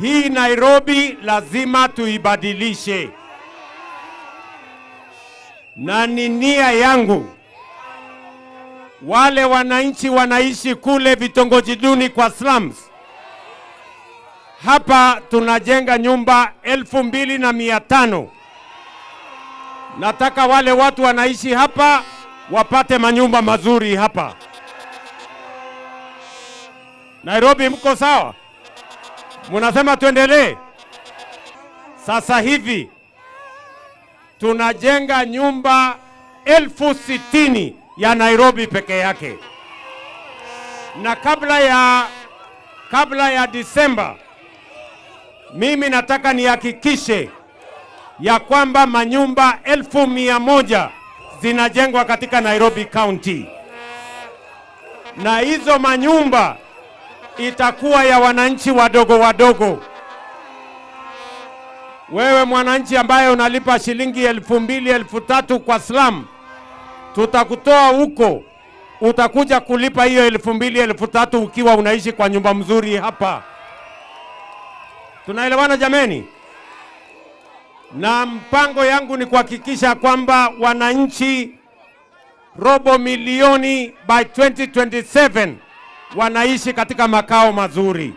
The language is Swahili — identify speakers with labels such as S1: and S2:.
S1: Hii Nairobi lazima tuibadilishe, na ni nia yangu wale wananchi wanaishi kule vitongoji duni kwa slums. Hapa tunajenga nyumba elfu mbili na mia tano. Nataka wale watu wanaishi hapa wapate manyumba mazuri hapa Nairobi. Mko sawa? Munasema tuendelee. Sasa hivi tunajenga nyumba elfu sitini ya Nairobi peke yake, na kabla ya, kabla ya Disemba mimi nataka nihakikishe ya kwamba manyumba elfu mia moja zinajengwa katika Nairobi County, na hizo manyumba itakuwa ya wananchi wadogo wadogo. Wewe mwananchi ambaye unalipa shilingi elfu mbili elfu tatu kwa slam, tutakutoa huko, utakuja kulipa hiyo elfu mbili elfu tatu ukiwa unaishi kwa nyumba mzuri hapa. Tunaelewana jameni? Na mpango yangu ni kuhakikisha kwamba wananchi robo milioni by 2027 wanaishi katika makao mazuri.